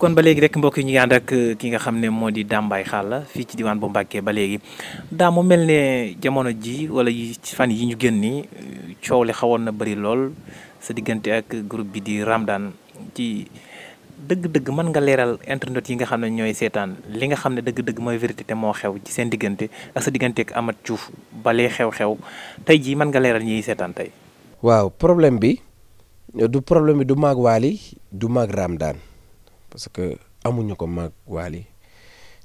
kon ba léegi rek mbokk yi ñu ngi ànd euh, ki nga xam ne moo di Dame Mbaye Xalla fii ci diwaan bu Mbàkke ba léegi daam mu mel ne jamono ji wala yi fan yi ñu génn nii euh, coow li xawoon na bari lool sa diggante ak groupe bi di Ramdan ci dëgg-dëgg mën nga leeral internet yi nga xam ne ñooy seetaan li nga xam ne dëgg-dëgg mooy vérité te moo xew ci seen diggante ak sa diggante ak Amath Diouf balee xew-xew tey jii mën nga leeral ñiy seetaan tey. waaw problème bi du problème bi du maag Waly du maag Ramdan. parce que amuñu ko maag waali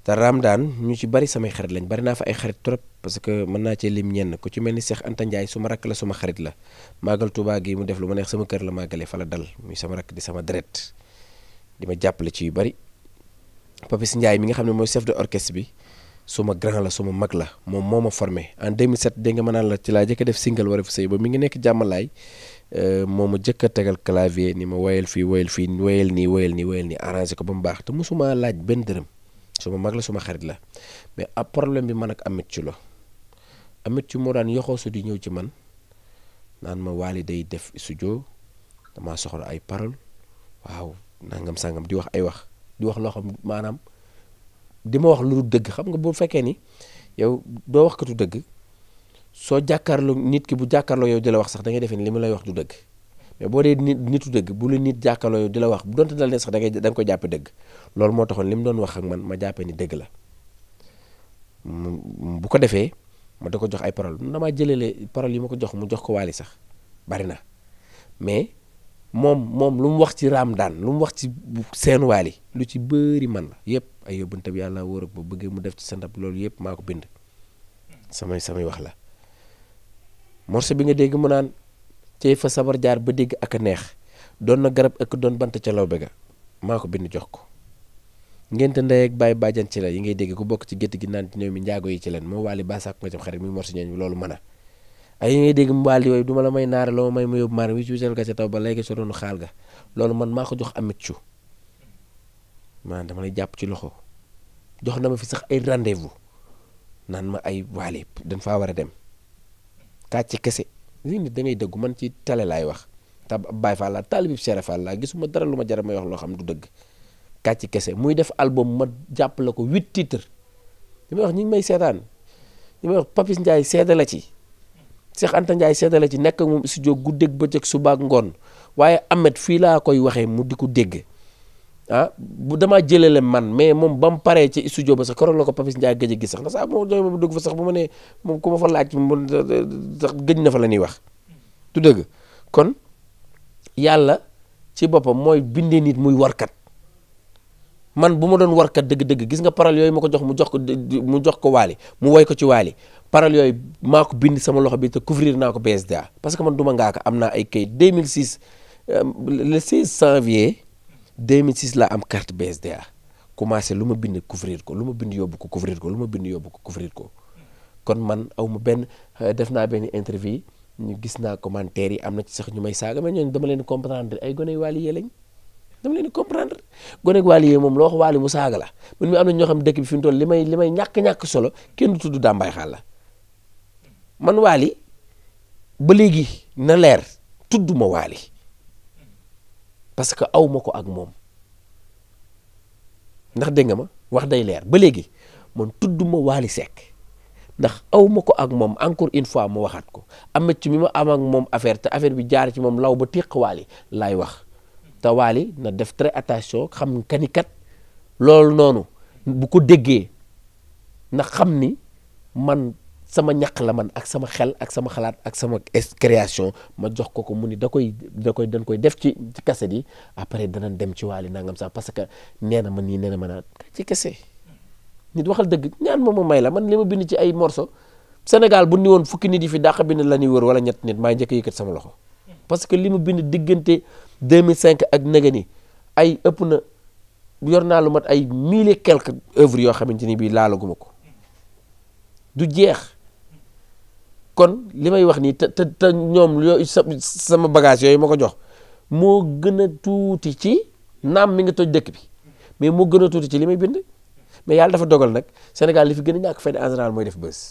te Ramadaan ñu ci bari samay xarit lañ bari naa fa ay xarit trop parce que mën naa cee lim ñenn ku ci mel ni Cheikh Anta Ndiaye su ma rakk la suma xarit la màggal Tuubaa gi mu def lu ma neex sama kër la màggalee fa la dal muy sama rakk di sama deret di ma jàppale ci yu bari Papis Ndiaye mi nga xam ne mooy chef de orchestre bi suma grand la suma mag la moom moo ma formé en 2007 dégg nga ma naan la ci laa jëkk def single war a fi sëy ba mi ngi nekk jàmmalaay Euh, moo ma jëkk a tegal clavier ni ma woyal fii woyal fii woyal nii woyal nii woyal nii arrangé ko ba mu baax te mosuma laaj benn dërëm suma mag la suma xarit la mais ab problème bi man ak amit ci la amit ci moo daan di ñëw ci man naan ma waali day def studio damaa soxla ay parole waaw nangam sangam di wax ay wax di wax loo xam maanaam di ma wax lu dul dëgg xam nga bu fekkee ni yow doo waxkatu dëgg soo jàkkaarloo nit ki bu jàkkaarloo yow di la wax sax da ngay defee li mu lay wax du dëgg mais boo dee nit nitu dëgg bu la nit jàkkaarloo yow di la wax bu doonte dal ne sax da ngay da ko jàppe dëgg loolu moo taxoon li mu doon wax ak man ma jàppee ni dëgg la bu ko defee ma da ko jox ay parole damaa jëlale parole yi ma ko jox mu jox ko waali sax bari na mais moom moom lu mu wax ci raam daan lu mu wax ci seen waali lu ci bëri man la yëpp ay yóbbante bi yàlla wóor ak ba bëggee mu def ci sa ndab loolu yëpp maa ko bind samay samay wax la morceau bi nga dégg mu naan cey fa sabar jaar ba dégg ak a neex doon na garab ak doon bant ca lawbe ga maa ko bind jox ko ngente ndey ak bàyyi bàjjan ci la yi ngay dégg ku bokk ci gétt gi naan ci néew mi njaago yi ci leen moo wàlli basak nga jëm xarit mi morceau ñooñu loolu a ay yi ngay dégg yooyu du la may naara la ma may mu yóbbu maar wi cuusal ga ca taw ba léegi man maa ko jox amit cu maanaam dama jàpp ci loxo jox na ma fi sax ay rendez naan ma ay waale dañ faa war a dem kàcc kese li nit da dëggu man ci télé laay wax te Baye Fall laa taalibi Cheikh Fall laa gisuma dara lu ma jar may wax loo xam du dëgg kàcc kese muy def album ma jàpp la ko huit titres li may wax ñu ngi may seetaan li may wax Papis Ndiaye seede la ci Cheikh Anta Ndiaye seede la ci nekk moom studio guddeeg bëccëg suba ngoon waaye Ahmed fii laa koy waxee mu di ko dégg. ah bu damaa jëlale man mais moom ba paree ci studio ba sax keroog la ko Papis Ndiaye gëj a gis sax na sax moo doy ma dugg fa sax bu ma nee moom ku ma fa laaj mun na fa la ñuy wax du dëgg kon yàlla ci boppam mooy bindee nit muy warkat man bu ma doon warkat dëgg-dëgg nga paral yooyu ma ko jox mu jox ko mu jox ko waali mu woy ko ci waali paral yooyu maa ko bind sama loxo bi te couvrir naa ko BSDA parce que man du ma ngaa ko am naa ay kayit 2006 euh, le 16 janvier 2006 laa am carte BSDA commencé lu ma bind couvrir ko lu ma bind yóbbu ko couvrir ko lu ma bind yóbbu ko couvrir ko kon man aw ma benn euh, def naa benn interview ñu gis naa commentaire yi am na ci sax ñu may saaga mais ñooñu dama leen comprendre ay gone waali yee lañ dama leen comprendre gone waali yee moom loo wax waali mu saaga la man mi am na ñoo xam dëkk bi fi mu toll li may li may ñàkk-ñàkk solo kenn du tudd dàmbaay xaal la man waali ba léegi na leer tudd ma waali parce que aw ko ak moom ndax dégg nga ma wax day leer ba léegi man tudd ma Waly Seck ndax aw ma ko ak moom encore une fois ma waxaat ko am ci mi ma am ak moom affaire te affaire bi jaar ci moom law ba téq Waly laay wax te Waly na def très attention xam nga ni loolu noonu bu ko déggee na xam ni man. sama ñaq la man ak sama xel ak sama xalaat ak sama création ma jox ko ko mu ni da koy da koy dañ koy def ci ci kaset yi après danañ dem ci waali nangam sax parce que nee man nii nee na ma naan ci kese nit waxal dëgg ñaan moom ma may la man li ma bind ci ay morso Sénégal bu ni woon fukki nit yi fi dàq bind la ñuy wër wala ñett nit maa njëkk yëkkat sama loxo parce que li ma bind diggante cinq ak naga ni ay ëpp na yor naa lu ma ay mille et quelques yoo xamante ni bii laalaguma ko du kon li may wax nii te te te ñoom yooyu sama bagage yooyu ma ko jox moo gën a tuuti ci naam mi nga toj dëkk bi mais moo gën a tuuti ci li may bind mais yàlla dafa dogal nag Sénégal li fi gën a ñàkk fayda en mooy def bës